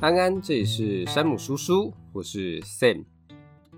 安安，這裡是山姆書書，我是 Sam。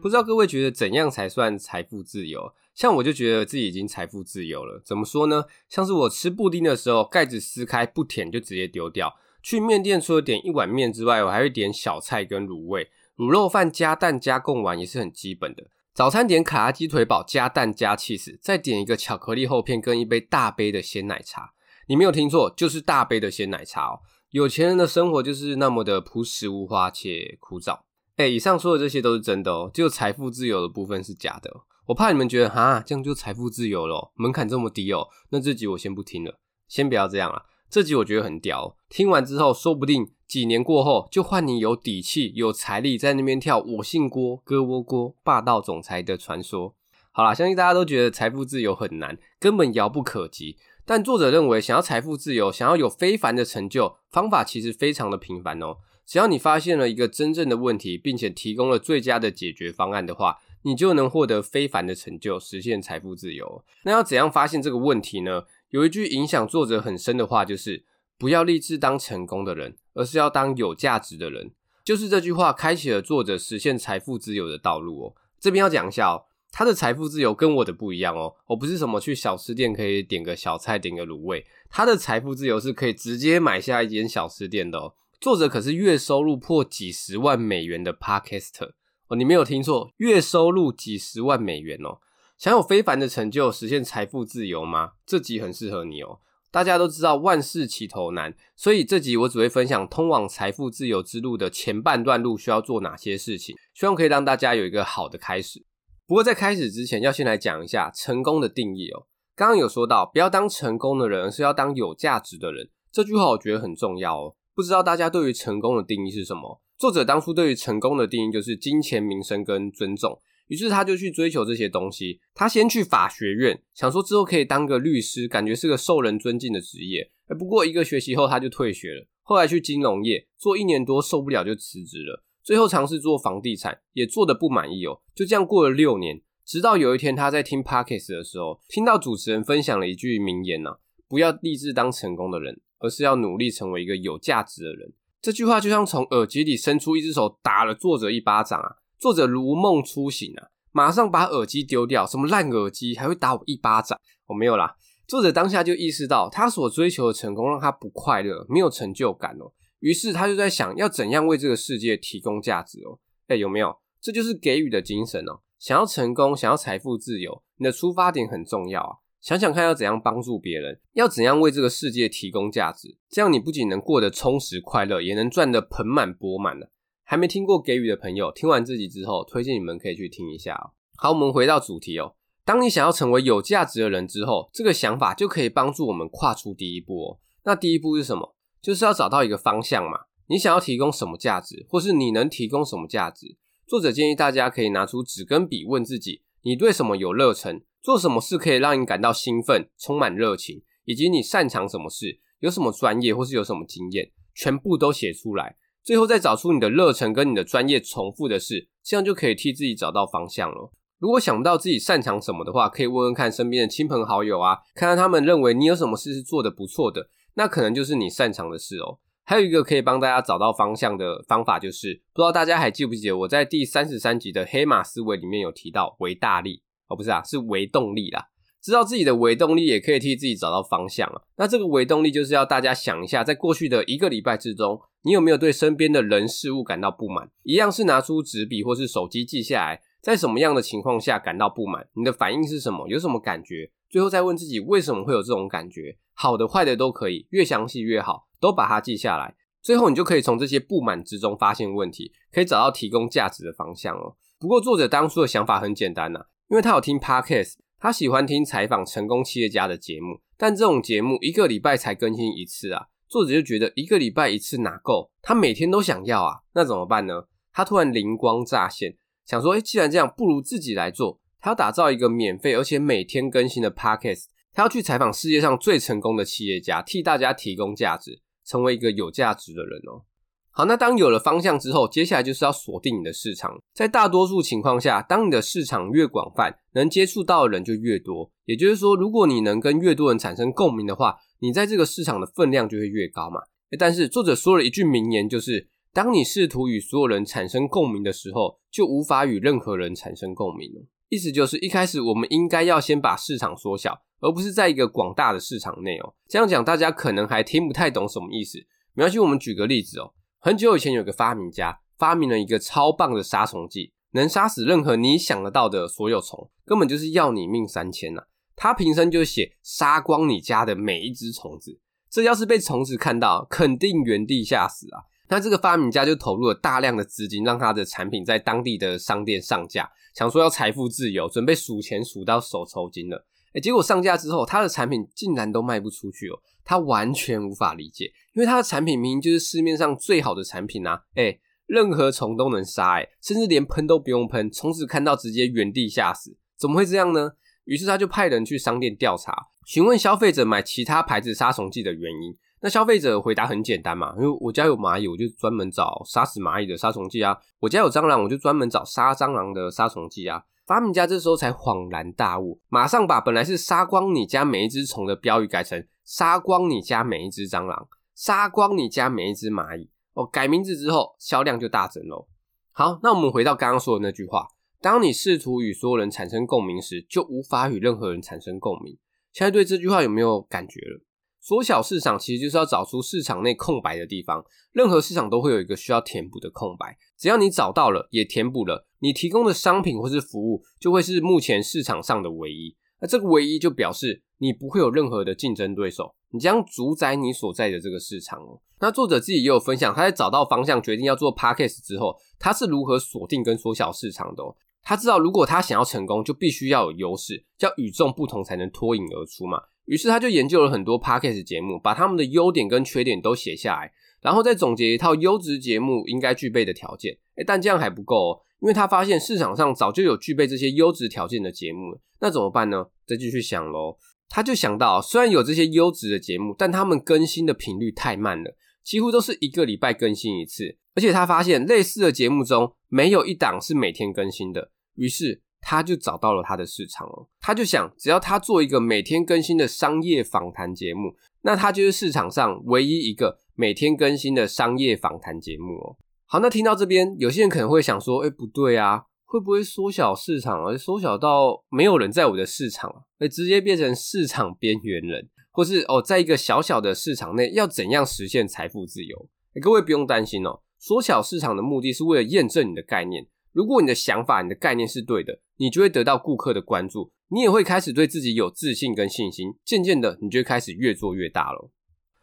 不知道各位覺得怎樣才算財富自由？像我就覺得自己已經財富自由了。怎麼說呢？像是我吃布丁的時候，蓋子撕開不舔就直接丟掉。去面店除了點一碗麵之外，我還會點小菜跟滷味，滷肉飯加蛋加貢丸也是很基本的。早餐點卡拉雞腿堡加蛋加 cheese，再點一個巧克力厚片跟一杯大杯的鮮奶茶。你沒有聽錯，就是大杯的鮮奶茶哦。有錢人的生活就是那麼的樸實無華且枯燥。哎、欸，以上說的這些都是真的哦，只有財富自由的部分是假的。我怕你們覺得啊，這樣就財富自由了，門檻這麼低哦，那這集我先不聽了，先不要這樣啦、啊。這集我覺得很屌，聽完之後，說不定幾年過後就換你有底氣、有財力在那邊跳“我姓郭，哥窩郭，霸道總裁”的傳說。好啦，相信大家都覺得財富自由很難，根本遙不可及。但作者認為，想要財富自由，想要有非凡的成就，方法其實非常的平凡哦。只要你發現了一個真正的問題，並且提供了最佳的解決方案的話，你就能獲得非凡的成就，實現財富自由。那要怎樣發現這個問題呢？有一句影響作者很深的話，就是不要立志當成功的人，而是要當有價值的人。就是這句話開啟了作者實現財富自由的道路哦。這邊要講一下哦。他的財富自由跟我的不一樣哦，我不是什麼去小吃店可以點個小菜、點個滷味。他的財富自由是可以直接買下一間小吃店的哦。作者可是月收入破幾十萬美元的 Podcaster 哦，你沒有聽錯，月收入幾十萬美元哦。想有非凡的成就，實現財富自由嗎？這集很適合你哦。大家都知道萬事起頭難，所以這集我只會分享通往財富自由之路的前半段路需要做哪些事情，希望可以讓大家有一個好的開始。不過在開始之前，要先來講一下成功的定義哦。剛剛有說到，不要當成功的人，而是要當有價值的人。這句話我覺得很重要哦。不知道大家對於成功的定義是什麼？作者當初對於成功的定義就是金錢、名聲跟尊重，於是他就去追求這些東西。他先去法學院，想說之後可以當個律師，感覺是個受人尊敬的職業。不過一個學期後他就退學了，後來去金融業做一年多，受不了就辭職了。最後嘗試做房地產，也做得不滿意哦。就這樣過了六年，直到有一天他在聽 podcast 的時候，聽到主持人分享了一句名言呢，啊：不要立志當成功的人，而是要努力成為一個有價值的人。這句話就像從耳機裡伸出一只手打了作者一巴掌啊！作者如夢初醒啊，馬上把耳機丟掉，什麼爛耳機還會打我一巴掌？哦，沒有啦。作者當下就意識到，他所追求的成功讓他不快樂，沒有成就感哦。於是他就在想，要怎樣為這個世界提供價值哦。哎，有沒有？這就是給予的精神哦。想要成功，想要財富自由，你的出發點很重要啊。想想看，要怎樣幫助別人，要怎樣為這個世界提供價值，這樣你不僅能過得充實快樂，也能賺得盆滿缽滿的。還沒聽過給予的朋友，聽完這集之後，推薦你們可以去聽一下哦。好，我們回到主題哦。當你想要成為有價值的人之後，這個想法就可以幫助我們跨出第一步哦。那第一步是什麼？就是要找到一個方向嘛，你想要提供什麼價值，或是你能提供什麼價值？作者建議大家可以拿出紙跟筆，問自己：你對什麼有熱忱？做什麼事可以讓你感到興奮、充滿熱情？以及你擅長什麼事？有什麼專業或是有什麼經驗？全部都寫出來，最後再找出你的熱忱跟你的專業重複的事，這樣就可以替自己找到方向了。如果想不到自己擅長什麼的話，可以問問看身邊的親朋好友啊，看看他們認為你有什麼事是做得不錯的。那可能就是你擅長的事喔。還有一個可以幫大家找到方向的方法，就是不知道大家還記不記得我在第三十三集的黑馬思維裡面有提到維大力哦，不是啊，是微動力啦。知道自己的微動力，也可以替自己找到方向啊。那這個微動力就是要大家想一下，在過去的一個禮拜之中，你有沒有對身邊的人事物感到不滿？一樣是拿出紙筆或是手機記下來，在什麼樣的情況下感到不滿？你的反應是什麼？有什麼感覺？最後再問自己為什麼會有這種感覺，好的、壞的都可以，越詳細越好，都把它記下來。最後你就可以從這些不滿之中發現問題，可以找到提供價值的方向哦。不過作者當初的想法很簡單吶、啊，因為他有聽 Podcast，他喜歡聽採訪成功企業家的節目，但這種節目一個禮拜才更新一次啊。作者就覺得一個禮拜一次哪夠？他每天都想要啊，那怎麼辦呢？他突然靈光乍現，想說：哎、欸，既然這樣，不如自己來做。他要打造一個免費而且每天更新的 podcast，他要去採訪世界上最成功的企業家，替大家提供價值，成為一個有價值的人哦、喔。好，那當有了方向之後，接下來就是要鎖定你的市場。在大多數情況下，當你的市場越廣泛，能接觸到的人就越多。也就是說，如果你能跟越多人產生共鳴的話，你在這個市場的分量就會越高嘛。但是作者說了一句名言，就是當你試圖與所有人產生共鳴的時候，就無法與任何人產生共鳴。意思就是，一開始我們應該要先把市場縮小，而不是在一個廣大的市場內哦、喔。這樣講，大家可能還聽不太懂什麼意思。沒關係，我們舉個例子哦、喔，很久以前有一個發明家，發明了一個超棒的殺蟲劑，能殺死任何你想得到的所有蟲，根本就是要你命三千吶、啊。他瓶身就寫“殺光你家的每一隻蟲子”，這要是被蟲子看到，肯定原地嚇死啊。那這個發明家就投入了大量的資金，讓他的產品在當地的商店上架，想說要財富自由，準備數錢數到手抽筋了。哎，結果上架之後，他的產品竟然都賣不出去哦，他完全無法理解，因為他的產品明明就是市面上最好的產品啊。哎，任何蟲都能殺，哎，甚至連噴都不用噴，蟲子看到直接原地嚇死，怎麼會這樣呢？於是他就派人去商店調查，詢問消費者買其他牌子殺蟲劑的原因。那消費者回答很簡單嘛，因為我家有螞蟻，我就專門找殺死螞蟻的殺蟲劑啊；我家有蟑螂，我就專門找殺蟑螂的殺蟲劑啊。發明家這時候才恍然大悟，馬上把本來是殺光你家每一隻蟲的標語改成殺光你家每一隻蟑螂，殺光你家每一隻螞蟻。哦，改名字之後銷量就大增咯。好，那我們回到剛剛說的那句話：當你試圖與所有人產生共鳴時，就無法與任何人產生共鳴。現在對這句話有沒有感覺了？縮小市場其實就是要找出市場內空白的地方，任何市場都會有一個需要填補的空白，只要你找到了，也填補了，你提供的商品，或是服務就會是目前市場上的唯一。那這個唯一就表示你不會有任何的競爭對手，你將主宰你所在的這個市場哦。那作者自己也有分享，他在找到方向，決定要做 podcast 之後，他是如何鎖定跟縮小市場的哦。他知道如果他想要成功，就必須要有優勢，要與眾不同才能脫穎而出嘛。於是他就研究了很多 Podcast 節目，把他們的優點跟缺點都寫下來，然後再總結一套優質節目應該具備的條件。誒，但這樣還不夠哦，因為他發現市場上早就有具備這些優質條件的節目了，那怎麼辦呢？再繼續想嘍。他就想到，雖然有這些優質的節目，但他們更新的頻率太慢了，幾乎都是一個禮拜更新一次，而且他發現類似的節目中沒有一檔是每天更新的。於是他就找到了他的市場哦，他就想，只要他做一個每天更新的商業訪談節目，那他就是市場上唯一一個每天更新的商業訪談節目哦。好，那聽到這邊，有些人可能會想說，哎，不對啊，會不會縮小市場，啊，而縮小到沒有人在我的市場，啊、而、哎、直接變成市場邊緣人，或是哦，在一個小小的市場內，要怎樣實現財富自由，哎？各位不用擔心哦，縮小市場的目的是為了驗證你的概念。如果你的想法、你的概念是對的，你就會得到顧客的關注，你也會開始對自己有自信跟信心。漸漸的，你就會開始越做越大了。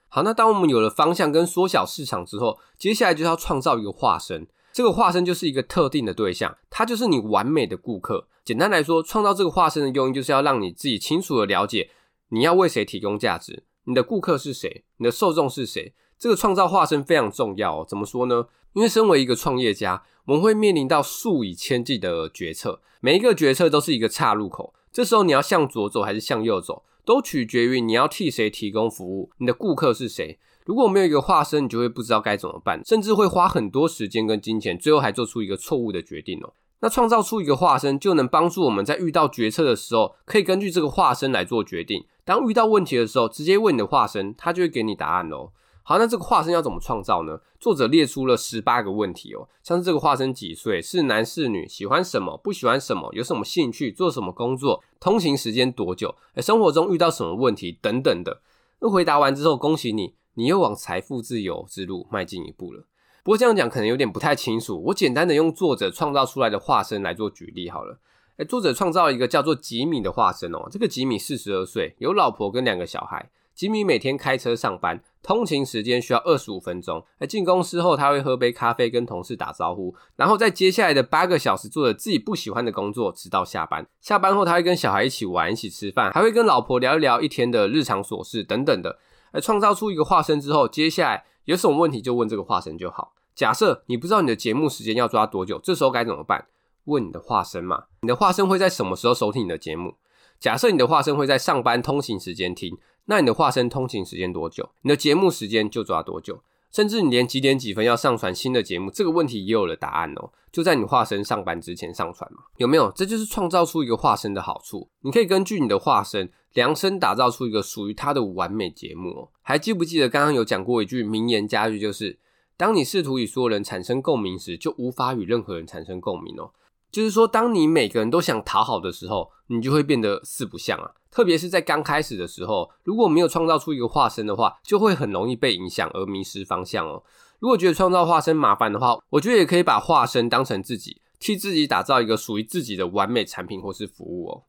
好，那當我們有了方向跟縮小市場之後，接下來就要創造一個化身。這個化身就是一個特定的對象，它就是你完美的顧客。簡單來說，創造這個化身的用意就是要讓你自己清楚的了解你要為誰提供價值，你的顧客是誰，你的受眾是誰。這個創造化身非常重要哦。怎麼說呢？因為身為一個創業家，我們會面臨到數以千計的決策，每一個決策都是一個岔路口。這時候你要向左走還是向右走，都取決於你要替誰提供服務，你的顧客是誰。如果沒有一個化身，你就會不知道該怎麼辦，甚至會花很多時間跟金錢，最後還做出一個錯誤的決定哦。那創造出一個化身，就能幫助我們在遇到決策的時候，可以根據這個化身來做決定。當遇到問題的時候，直接問你的化身，他就會給你答案哦。好，那這個化身要怎麼創造呢？作者列出了十八個問題哦，像是這個化身幾歲，是男是女，喜歡什麼，不喜歡什麼，有什麼興趣，做什麼工作，通勤時間多久，誒，生活中遇到什麼問題等等的。那回答完之後，恭喜你，你又往財富自由之路邁進一步了。不過這樣講可能有點不太清楚，我簡單的用作者創造出來的化身來做舉例好了。誒，作者創造一個叫做吉米的化身哦，這個吉米四十二歲，有老婆跟兩個小孩。吉米每天開車上班，通勤時間需要二十五分鐘。而進公司後，他會喝杯咖啡，跟同事打招呼，然後在接下來的八個小時做著自己不喜歡的工作，直到下班。下班後，他會跟小孩一起玩，一起吃飯，還會跟老婆聊一聊一天的日常瑣事等等的。而創造出一個化身之後，接下來有什麼問題就問這個化身就好。假設你不知道你的節目時間要抓多久，這時候該怎麼辦？問你的化身嘛。你的化身會在什麼時候收聽你的節目？假設你的化身會在上班通勤時間聽。那你的化身通勤時間多久？你的節目時間就抓多久？甚至你連幾點幾分要上傳新的節目，這個問題也有了答案哦，就在你化身上班之前上傳嘛，有沒有？這就是創造出一個化身的好處，你可以根據你的化身量身打造出一個屬於他的完美節目哦。還記不記得剛剛有講過一句名言佳句，就是當你試圖與所有人產生共鳴時，就無法與任何人產生共鳴哦。就是說，當你每個人都想討好的時候，你就會變得四不像啊！特別是在剛開始的時候，如果沒有創造出一個化身的話，就會很容易被影響而迷失方向哦。如果覺得創造化身麻煩的話，我覺得也可以把化身當成自己，替自己打造一個屬於自己的完美產品或是服務哦。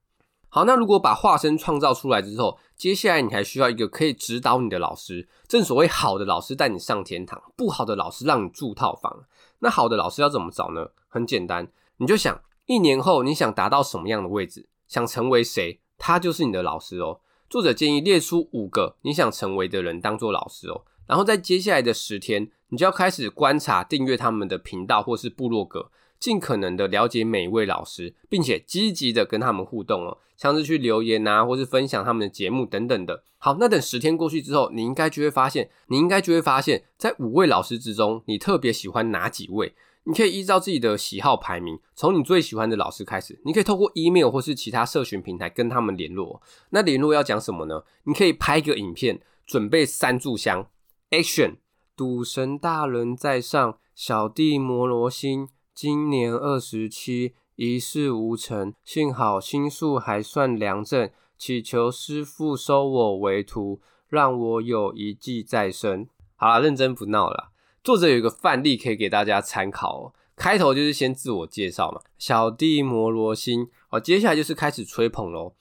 好，那如果把化身創造出來之後，接下來你還需要一個可以指導你的老師，正所謂好的老師帶你上天堂，不好的老師讓你住套房。那好的老師要怎麼找呢？很簡單。你就想一年後你想達到什麼樣的位置？想成為誰？他就是你的老師哦。作者建議列出五個你想成為的人當做老師哦。然後在接下來的十天，你就要開始觀察、訂閱他們的頻道或是部落格，盡可能的了解每一位老師，並且積極的跟他們互動哦，像是去留言啊，或是分享他們的節目等等的。好，那等十天過去之後，你應該就會發現，你應該就會發現，在五位老師之中，你特別喜歡哪幾位？你可以依照自己的喜好排名，從你最喜歡的老師開始。你可以透過 email 或是其他社群平台跟他們聯絡。那聯絡要講什麼呢？你可以拍個影片，準備三炷香，Action！賭神大人在上，小弟摩羅星今年二十七，一事無成，幸好心術還算良正，祈求師父收我為徒，讓我有一技在身。好了，認真不鬧了啦。作者有一個範例可以給大家參考哦。開頭就是先自我介紹嘛，小弟摩羅星，哦，接下來就是開始吹捧嘍。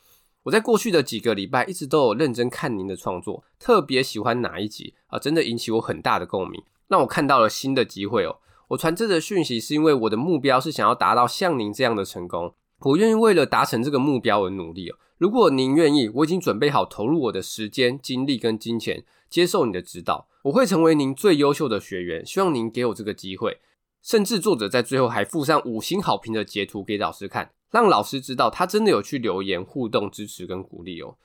我在過去的幾個禮拜一直都有認真看您的創作，特別喜歡哪一集啊，真的引起我很大的共鳴，讓我看到了新的機會哦。我傳這則訊息是因為我的目標是想要達到像您這樣的成功。我願意為了達成這個目標而努力哦。如果您願意，我已經準備好投入我的時間、精力跟金錢，接受您的指導。我會成為您最優秀的學員。希望您給我這個機會。甚至作者在最後還附上五星好評的截圖給老師看，讓老師知道他真的有去留言、互動、支持跟鼓勵哦。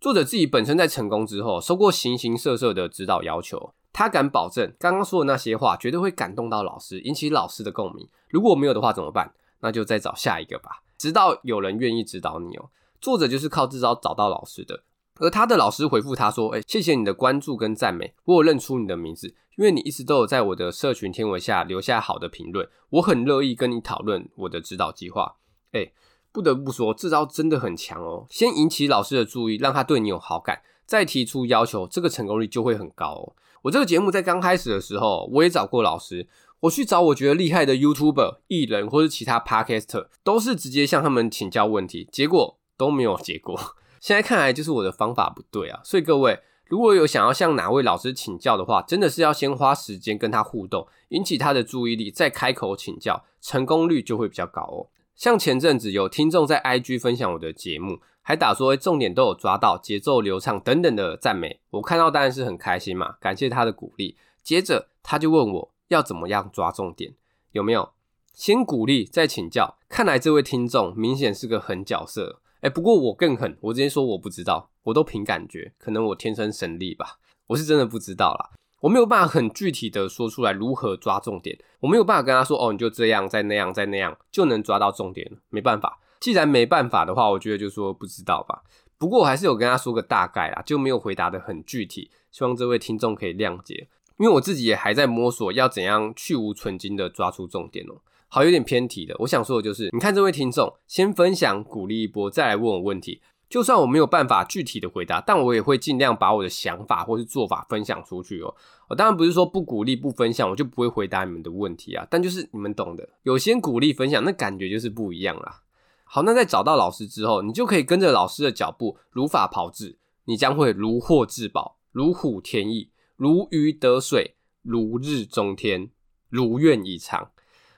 作者自己本身在成功之後，收過形形色色的指導要求，他敢保證剛剛說的那些話絕對會感動到老師，引起老師的共鳴。如果沒有的話怎麼辦？那就再找下一個吧。直到有人願意指導你哦、喔，作者就是靠這招找到老師的，而他的老師回復他說：“哎、欸，謝謝你的關注跟讚美，我有認出你的名字，因為你一直都有在我的社群貼文下留下好的評論，我很樂意跟你討論我的指導計劃。欸”哎，不得不說，這招真的很強哦、喔！先引起老師的注意，讓他對你有好感，再提出要求，這個成功率就會很高哦、喔。我這個節目在剛開始的時候，我也找過老師。我去找我覺得厲害的 YouTuber 藝人或者其他 Podcaster，都是直接向他們請教問題，結果都沒有結果。現在看來就是我的方法不對啊！所以各位，如果有想要向哪位老師請教的話，真的是要先花時間跟他互動，引起他的注意力，再開口請教，成功率就會比較高哦。像前陣子有聽眾在 IG 分享我的節目，還打說重點都有抓到，節奏流暢等等的讚美，我看到當然是很開心嘛，感謝他的鼓勵。接着他就問我。要怎麼樣抓重點？有沒有先鼓勵再請教？看來這位聽眾明顯是個狠角色。哎、欸，不過我更狠，我直接說我不知道，我都憑感覺，可能我天生神力吧。我是真的不知道啦。我沒有辦法很具體的說出來如何抓重點。我沒有辦法跟他說，哦，你就這樣再那樣再那樣就能抓到重點。沒辦法，既然沒辦法的話，我覺得就說不知道吧。不過我還是有跟他說個大概啦，就沒有回答的很具體，希望這位聽眾可以諒解。因為我自己也還在摸索要怎樣去蕪存菁的抓出重點哦。好，有點偏題的。我想說的就是，你看這位聽眾先分享鼓勵一波，再來問我問題。就算我沒有辦法具體的回答，但我也會盡量把我的想法或是做法分享出去哦。我當然不是說不鼓勵不分享，我就不會回答你們的問題啊。但就是你們懂的，有先鼓勵分享那感覺就是不一樣啦。好，那在找到老師之後，你就可以跟着老師的腳步如法炮製，你將會如獲至寶，如虎添翼。如魚得水，如日中天，如願以償。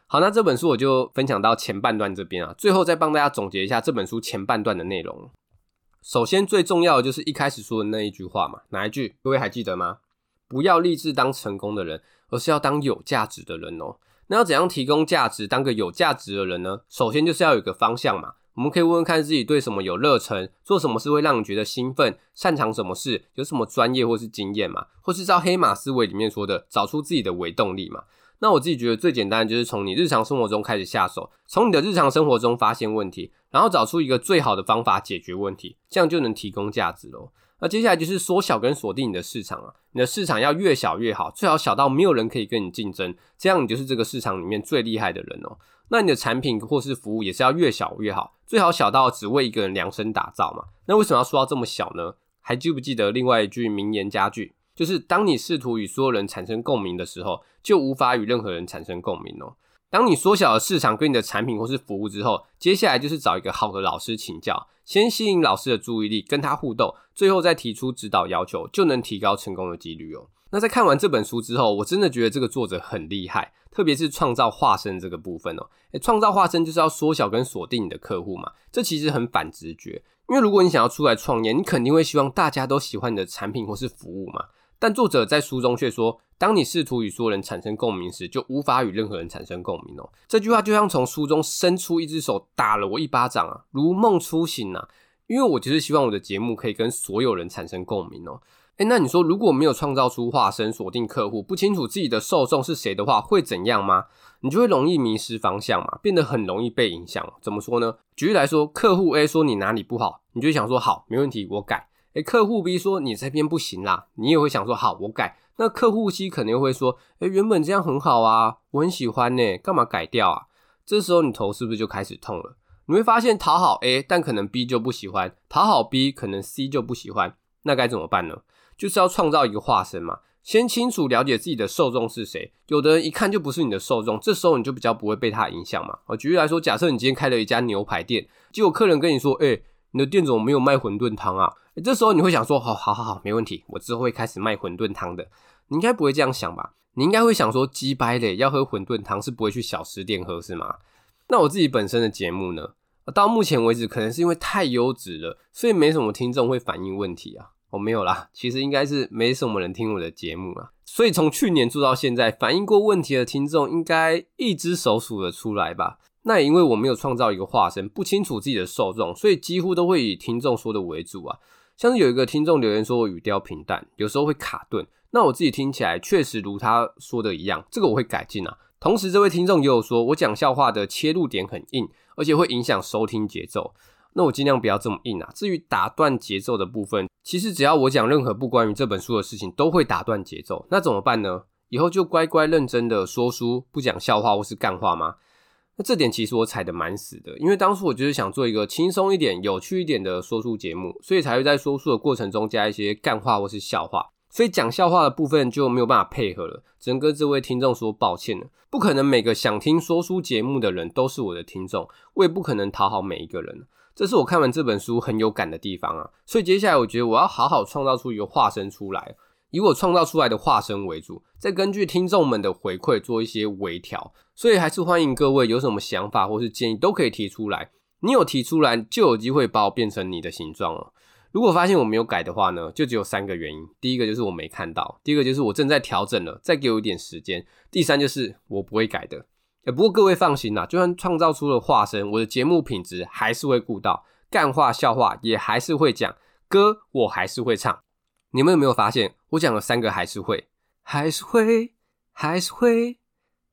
好，那這本書我就分享到前半段這邊啊。最後再幫大家總結一下這本書前半段的內容。首先最重要的就是一開始說的那一句話嘛，哪一句？各位還記得嗎？不要立志當成功的人，而是要當有價值的人哦。那要怎樣提供價值，當個有價值的人呢？首先就是要有一個方向嘛。我們可以問問看自己對什麼有熱忱，做什麼事會讓你覺得興奮，擅長什麼事，有什麼專業或是經驗嘛，或是照黑馬思維裡面說的，找出自己的微動力嘛。那我自己覺得最簡單的，就是從你日常生活中開始下手，從你的日常生活中發現問題，然後找出一個最好的方法解決問題，這樣就能提供價值嘍。那接下來就是縮小跟鎖定你的市場啊，你的市場要越小越好，最好小到沒有人可以跟你競爭，這樣你就是這個市場裡面最厲害的人哦。那你的產品或是服務也是要越小越好，最好小到只為一個人量身打造嘛。那為什麼要說到這麼小呢？還記不記得另外一句名言佳句？就是當你試圖與所有人產生共鳴的時候，就無法與任何人產生共鳴哦。當你縮小了市場跟你的產品或是服務之後，接下來就是找一個好的老師請教，先吸引老師的注意力，跟他互動，最後再提出指導要求，就能提高成功的幾率喔。那在看完這本書之後，我真的覺得這個作者很厲害，特別是創造化身這個部分喔。欸，創造化身就是要縮小跟鎖定你的客戶嘛，這其實很反直覺，因為如果你想要出來創業，你肯定會希望大家都喜歡你的產品或是服務嘛。但作者在書中卻說，當你試圖與所有人產生共鳴時，就無法與任何人產生共鳴哦、喔。這句話就像從書中伸出一只手打了我一巴掌啊，如夢初醒吶。因為我就是希望我的節目可以跟所有人產生共鳴哦、喔。哎、欸，那你說如果沒有創造出化身鎖定客戶，不清楚自己的受眾是誰的話，會怎樣嗎？你就會容易迷失方向嘛，變得很容易被影響。怎麼說呢？舉例來說，客戶 A 說你哪裡不好，你就想說好，沒問題，我改。誒，客戶 B 說你這邊不行啦，你也會想說好，我改。那客戶 C 可能又會說，哎，原本這樣很好啊，我很喜歡呢，幹嘛改掉啊？這時候你頭是不是就開始痛了？你會發現討好 A，但可能 B 就不喜歡；討好 B，可能 C 就不喜歡。那該怎麼辦呢？就是要創造一個化身嘛，先清楚了解自己的受眾是誰。有的人一看就不是你的受眾，這時候你就比較不會被他影響嘛。哦，舉例來說，假設你今天開了一家牛排店，結果客人跟你說，哎。你的店主沒有賣餛飩湯啊、欸？這時候你會想說，哦，好好好，沒問題，我之後會開始賣餛飩湯的。你應該不會這樣想吧？你應該會想說，雞掰勒，要喝餛飩湯是不會去小吃店喝是嗎？那我自己本身的節目呢？到目前為止，可能是因為太優質了，所以沒什麼聽眾會反映問題啊。我、哦、沒有啦，其實應該是沒什麼人聽我的節目啊。所以從去年做到現在，反映過問題的聽眾應該一只手數得出來吧。那也因為我沒有創造一個化身，不清楚自己的受眾，所以幾乎都會以聽眾說的為主啊。像是有一個聽眾留言說我語調平淡，有時候會卡頓。那我自己聽起來確實如他說的一樣，這個我會改進啊。同時，這位聽眾也有說我講笑話的切入點很硬，而且會影響收聽節奏。那我盡量不要這麼硬啊。至於打斷節奏的部分，其實只要我講任何不關於這本書的事情，都會打斷節奏。那怎麼辦呢？以後就乖乖認真的說書，不講笑話或是乾話嗎？那這點其實我踩得蠻死的，因為當時我就是想做一個輕鬆一點、有趣一點的說書節目，所以才會在說書的過程中加一些幹話或是笑話，所以講笑話的部分就沒有辦法配合了。只能跟這位聽眾說抱歉了，不可能每個想聽說書節目的人都是我的聽眾，我也不可能討好每一個人。這是我看完這本書很有感的地方啊。所以接下來我覺得我要好好創造出一個化身出來，以我創造出來的化身為主，再根據聽眾們的回饋做一些微調。所以還是歡迎各位有什麼想法或是建議都可以提出來，你有提出來就有機會把我變成你的形狀哦。如果發現我沒有改的話呢，就只有三個原因：第一個就是我沒看到，第二個就是我正在調整了，再給我一點時間；第三就是我不會改的。不過各位放心啦，啊，就算創造出了化身，我的節目品質還是會顧到，乾話笑話也還是會講，歌我還是會唱。你們有沒有發現，我講了三個還是會，還是會，還是會。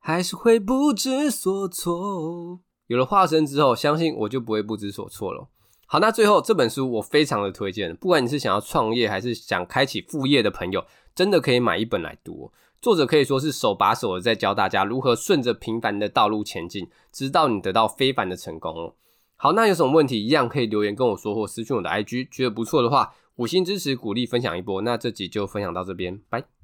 還是會不知所措。有了化身之後，相信我就不會不知所措了。好，那最後這本書我非常的推薦，不管你是想要創業還是想開啟副業的朋友，真的可以買一本來讀。作者可以說是手把手的在教大家如何順着平凡的道路前進，直到你得到非凡的成功哦。好，那有什麼問題一樣可以留言跟我說或私訊我的 IG。覺得不錯的話，五星支持鼓勵分享一波。那這集就分享到這邊，拜。